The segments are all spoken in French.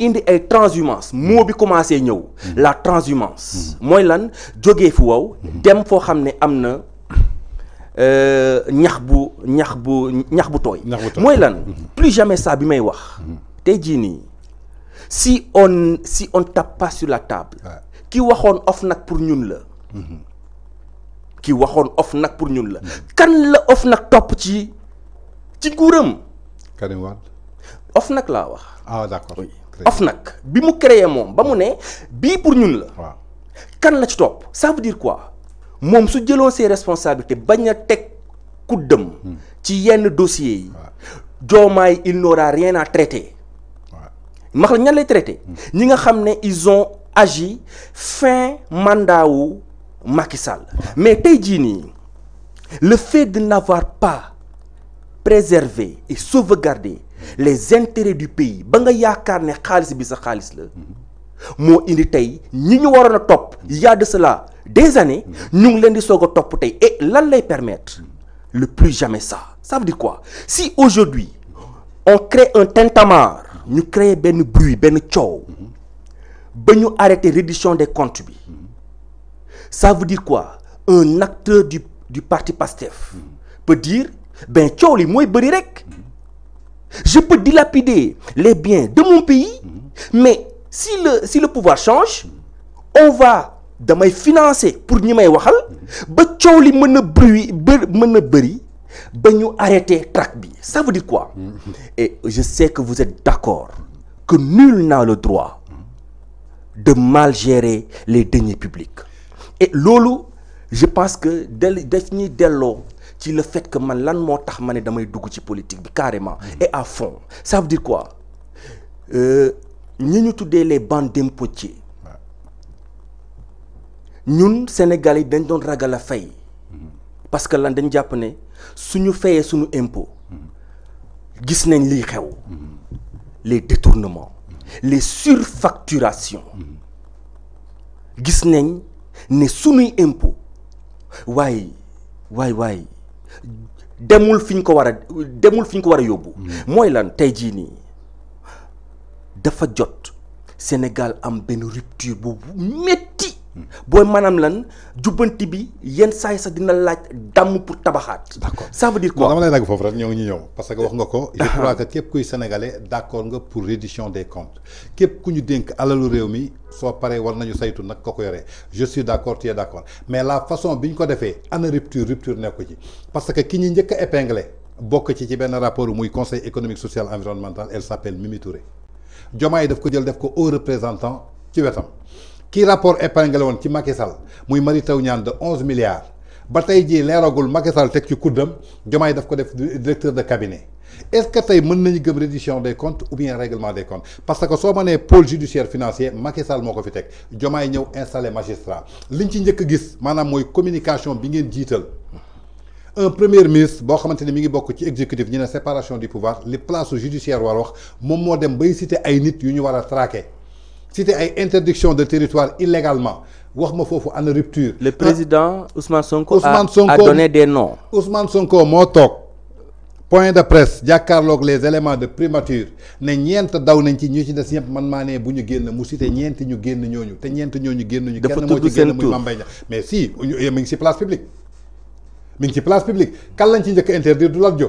indi ay transhumance mo bi commencé hmm. la transhumance moy lan joggé fu waw dem fo xamné amna euh ñax bu ñax bu hmm. plus jamais ça bi may hmm. si on si on tape pas sur la table ki off nak pour ñun la ki off nak pour ñun la kan la top ci ci la ah d'accord OFNAC bi mu créé mom ba mu ne pour ñun la. kan la ci top ça veut dire quoi mom su jëloo ses responsabilités baña tek teg ku dëm hmm. ci yenn dossier yi. il n'aura rien à traiter. max la ñan lay traiter hmm. ñi nga xamné ils ont agi fin mandat wu mais tey ni le fait de n'avoir pas préservé et sauvegardé les intérêts du pays ba nga yaakaar ne xaalis bi sa xaalis la mo indi tay ñi ñu warona top Il y a de cela des années ñu ngi leen di top tay et lan lay permettre le plus jamais ça ça veut dire quoi si aujourd'hui on crée un tentamar, ñu créer ben bruit ben chow, ba ñu arrêter réduction des comptes bi ça veut dire quoi un acteur du du parti Pastef peut dire ben chow li moy bëri rek je peux dilapider les biens de mon pays, mais si le, pouvoir change, on va mes financer pour ñi may waxal ba li arrêter ça veut dire quoi et je sais que vous êtes d'accord que nul n'a le droit de mal gérer les deniers publics et lolo, je pense que définir dès c'est le fait que man lan mo tax mané damay dugg ci politique bi carrément et à fond ça veut dire quoi euh ñiñu tuddee les bandes d'impotiers ñun sénégalais yi dañ doon ragal a fay parce que lan dañ japp né suñu fayé suñu impôt gis nañ li xew les détournements les surfacturations gis nañ ne suñuy impôt why why why demul fi ñu ko war a demul fi ñu ko war a yóbbu. Hmm. mooy lan tey jii nii dafa jot Sénégal am benn rupture bu métti. booy manam lan jubbanti bi yenn saa sax dina laaj dam pour tabaxaat. d' ça veut dire quoi dama lay dag foofu rek ñoo ñi ñew parce que wax nga ko. je crois que kep kuy sénégalais d'accord nga pour reddition des comptes kep ku ñu dénk alalu réew mi soo paree war nañu saytu nak ko yoré je suis d'accord accord tu es d' mais la façon biñ ko défé ana rupture rupture nekku ci parce que ki ñi ñëk a épinglé bokk ci ci ben rapport muy conseil économique social environnemental elle s'appelle appelle Mimi Touré Diomaye daf ko jël daf ko haut représentant ci wétam qui rapport épinglé woon ci Macky Sall muy Mary Teuw de 11 milliards ba tey l'air leeragul Macky Sall teg ci kuddam Diomaye daf ko def directeur de cabinet est-ce que tey mën nañu gëm reddition des comptes ou bien règlement des comptes parce que soo ma est pôle judiciaire financier Macky Sall moo ko fi teg Diomaye installé magistrat liñ ci je gis maanaam mooy communication bi ngeen jiital un premier ministre boo xamante ni mi ngi bokk ci exécutif ñu séparation du pouvoir les places judiciaires, il wax moom moo dem bay cité ay nit yu ñu c'était une interdiction de territoire illégalement wax ma fofu rupture. le président Ousmane Sonko. a donné des noms. Ousmane Sonko Motok, point de presse jàkkaarloog les éléments de primature ne ñeent daw nañ ci ñu ci des ñëpp man maa ne bu ñu génn mu cité ñeent ñu génn ñooñu te ñeent ñooñu ñu. mais si mi ci place publique mi ci place publique kan lañ ci njëkk interdire interdit de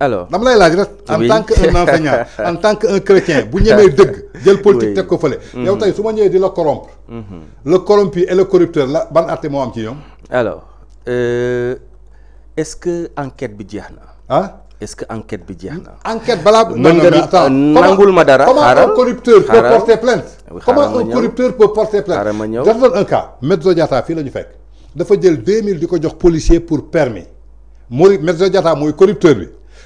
alors dans en tant qu'un enseignant en tant qu'un chrétien bu ñemee dëgg jël politique teg ko fële mhm. yow tey su ma di la corrompre mhm. le corrompu et le corrupteur la ban atte moo am ci alors euh, est-ce que enquête est jeex ah? est-ce que enquête est enquête balaa mën non, nangul ma dara comment un corrupteur peut porter plainte comment un corrupteur peut porter plainte je ñëw donne un cas Mezzo Diata, fii la ñu fekk 2000 jël pour permis mooy Mezzo Diatta corrupteur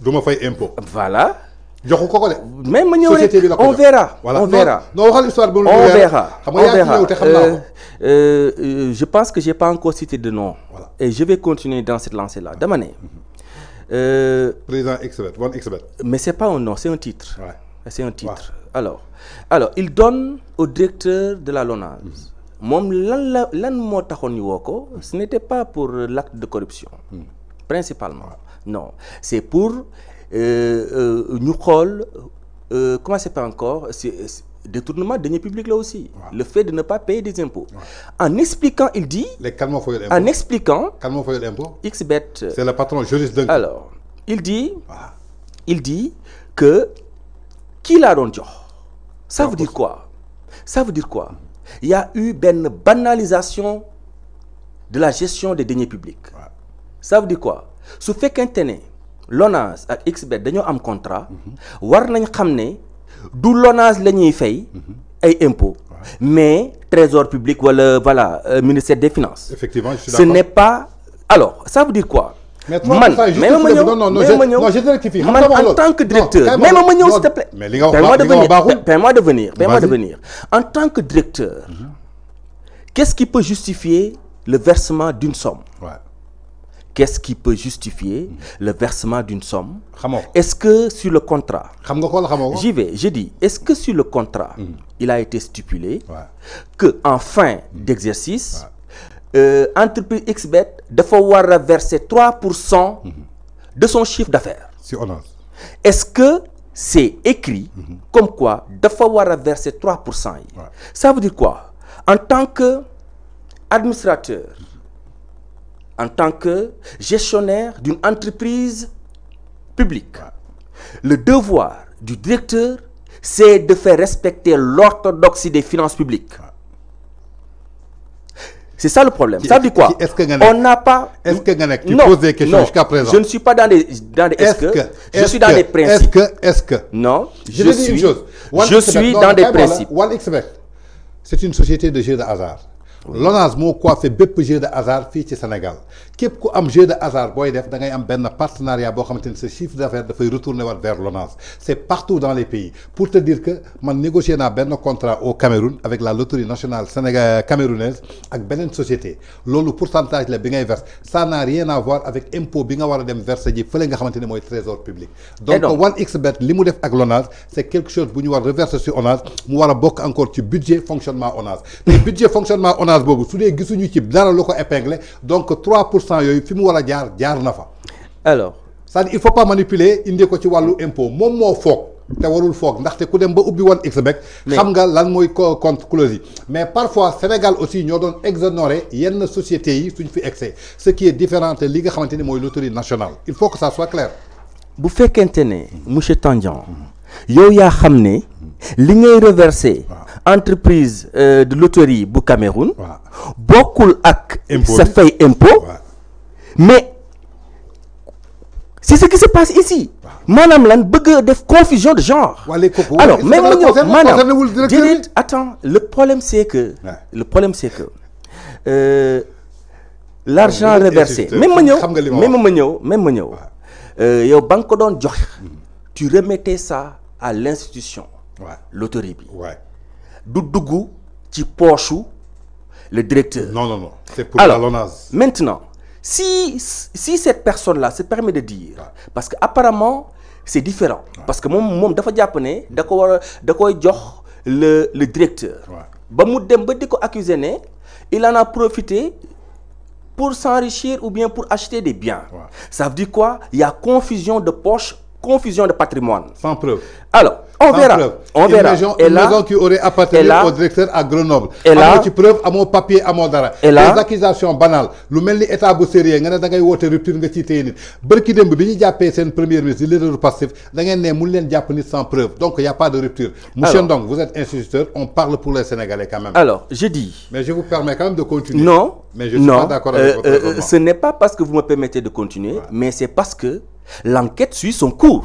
duma fay impôt. voilà. joxu ko ko de. même ma ñëw rek on verra. voilà on verra non waxal histoire on verra xam nga yaa euh, euh, euh, je pense que j'ai pas encore cité de nom. voilà et je vais continuer dans cette lancée là dama mhm. euh président expert One expert mais c'est pas un nom c'est un titre. Ouais. c'est un titre alors alors il donne au directeur de la Lonas mhm. moom lan lan mo taxone ñu ce n'était pas pour l'acte de corruption. Mhm. principalement. Non, c'est pour euh, euh, ñu euh, comment c'est pas encore c'est détournement de deniers publics là aussi. Le fait de ne pas payer des impôts. En expliquant, il dit. En expliquant. Xbet. C'est le patron juriste de. Alors, il dit. Il dit que. Qui l'a rendu Ça veut dire quoi Ça veut dire quoi Il y a eu une banalisation de la gestion des deniers publics. Ça veut dire quoi su fekkente ne Lonase ak Xbet dañoo am contrat war nañ xam ne du Lonase la ñuy fay ay impôts mais trésor public wala voilà euh, ministère des finances. effectivement je suis d'accord ce n'est pas alors ça veut dire quoi. man non, ma ñëw non non je man en tant que directeur mais ma ñëw s'il te plaît. mais li nga wax baaxul moi de venir permets-moi de venir en tant que directeur. Mhm. qu'est-ce qui peut justifier le versement d'une somme qu'est-ce qui peut justifier le versement d'une somme Est-ce que sur le contrat J'y vais, j'ai dit. est-ce que sur le contrat, mm. il a été stipulé qu'en que en fin mm. d'exercice, euh, entreprise XBET avoir verser 3% mm-hmm. de son chiffre d'affaires. Est-ce que c'est écrit mm-hmm. comme quoi avoir verser 3% Ça veut dire quoi En tant qu'administrateur, en tant que gestionnaire d'une entreprise publique. Le devoir du directeur, c'est de faire respecter l'orthodoxie des finances publiques. C'est ça le problème. ça dit quoi On n'a pas. Est-ce que Ganek, tu non, poses des questions jusqu'à présent Je ne suis pas dans des, dans est-ce que, Je suis dans des principes. Est-ce que, est-ce que Non, je, dis suis, une chose. je suis dans des principes. One c'est une société de jeu de hasard. Lonase moo coiffé de jeu de hasard ici ci Sénégal képp ku am jeu de hasard booy def da ngay partenariat pour xamante ni chiffres chiffre d'affaires de retourner vers Lonase c'est partout dans les pays pour te dire que j'ai négocié un contrat au Cameroun avec la loterie nationale sénégal camerounaise une une société le pourcentage la bi ça n'a rien à voir avec l'impôt que nga war versé, Il faut ji fële nga xamante trésor public donc 1xBet li a def ak Lonase c'est quelque chose que ñu reverser sur l'ONAS. mu vais bokk encore ci budget fonctionnement Onase Le budget fonctionnement parrainage boobu su dee gisuñu ci dara lu épinglé donc 3 yoy fi mu wara jaar jaar alors ça dire il faut pas manipuler indi ko ci walu impôt mom mo fokk té warul ndax té ku dem ba ubbi woon Xbet xam nga lan moy compte close mais parfois Sénégal aussi ñoo doon exonéré yenn société yi suñ fi excès ce qui est différent li nga xamante moy l'autorité nationale il faut que ça soit clair bu fekkente né monsieur Tandian yow ya xamné li ngay reverser entreprise euh, de loterie du Cameroun. beaucoup ak. impôt mais c'est ce qui se passe ici. Madame, lan bëgg confusion de genre. alors même attends le problème c'est que. le problème c'est que euh, l'argent reversé. même ma même même euh, hmm. tu remettais ça à l'institution. l'autorité du tu poche le directeur. non non non c'est pour maintenant si si cette personne là se permet de dire. parce que apparemment c'est différent. parce que mon monde dafa japonais d'accord d'accord le le directeur. il en a profité. pour s'enrichir ou bien pour acheter des biens. Ça veut dire quoi Il y a confusion de poche, confusion de patrimoine. Sans preuve. Alors, on verra on verra une maison qui aurait appartenu au directeur à Grenoble. et là amoo à à mon papier à dara. et là des accusations banales Le même état bu sérieux nga a da ngay woote rupture nga cité. téye nit. bërki démb bi ñu jàppee seen premier ministre di leader passif da ngeen ne mun leen nit sans preuve donc y' a pas de rupture. monsieur Ndong vous êtes instituteur on parle pour les Sénégalais quand même. alors je dis. mais je vous permets quand même de continuer. non mais je suis pas d'accord avec euh, votre euh, ce n'est pas parce que vous me permettez de continuer. mais c'est parce que l'enquête suit son cours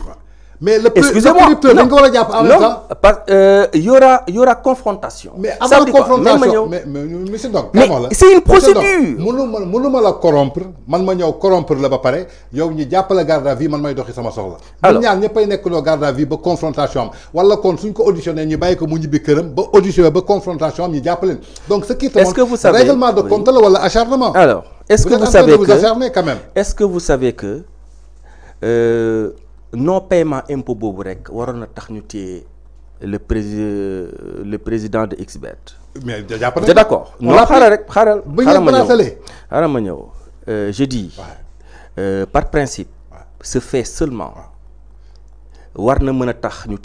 mais le excusez-moi dañ ko war a jàpp non parce que euh, y aura il y aura confrontation. mais avant confrontation mais mais monsieur Ndong. mais c'est une procédure mënu ma mënu ma la corrompre man ma ñëw corrompre la ba pare yow ñu jàppale garde à vue man may doxi sama soxla. alors ñaar ñëppay nekkuloo garde à vie, ba confrontation am wala kon suñ ko auditionné ñu bàyyi ko mu ñibbi këram ba auditionné ba confrontation am ñu jàppaleen donc ce qui est que vous règlement de compte la wala acharnement. alors est-ce que vous savez que vous acharnez quand même. est-ce que vous savez que. Euh, non paiement impôt boobu rek warona tax ñu le président le président de XBET. mais j'ai d'accord. non rek ba euh, je dis. Euh, par principe. se fait seulement. war na tax ñu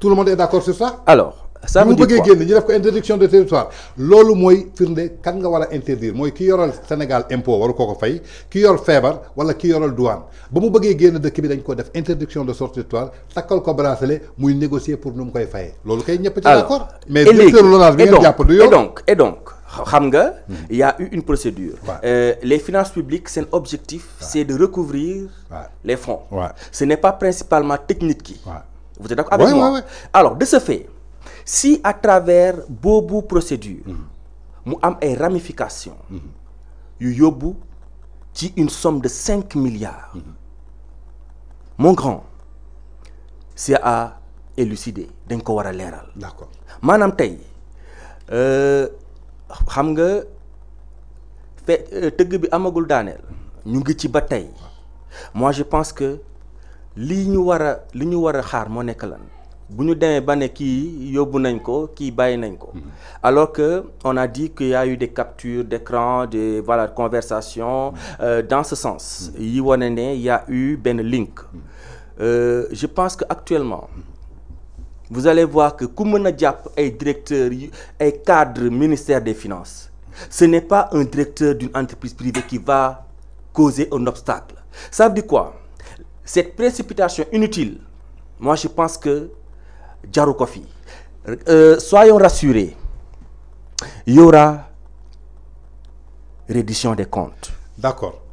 tout le monde est d'accord sur ça. alors ça veut dire quoi bu mu ñu def ko interdiction de territoire lolu moy firnde kan nga war interdire moy ki yoral Sénégal impôt waru koo ko fay ki yor feebar wala ki yoral douane ba mu bëggee génn dëkk bi dañ ko def interdiction de sortie de territoire takal ko bracelet muy négocier pour nu koy fayé lolu kay ñëpp ci d'accord mais directeur Lonase bi ngeen jàpp du yoon et donc et donc xam nga. Hmm. y a eu une procédure. Euh, les finances publiques c'est un objectif. c'est de recouvrir. les fonds. ce n'est pas principalement technique. vous êtes d'accord avec moi alors de ce fait si à travers boobu procédure mu am ay ramifications yu yóbbu ci une somme de cinq milliards mon grand c'est à élucider dañ ko war a leeral d'accord maanaam tey euh, xam nga fe euh, tëgg bi amagul daaneel ñu ngi ci ba moi je pense que lii ñu war a li ñu war xaar moo nekk lan Hmm. alors que on a dit qu'il y a eu des captures d'écran des voilà conversations hmm. euh, dans ce sens hmm. yi y a eu ben link euh, je pense que actuellement vous allez voir que Koumouna Diap est directeur Et cadre ministère des finances ce n'est pas un directeur d'une entreprise privée qui va causer un obstacle ça veut dire quoi cette précipitation inutile moi je pense que Jaroukofi, euh, soyons rassurés il y aura reddition des comptes. D'accord.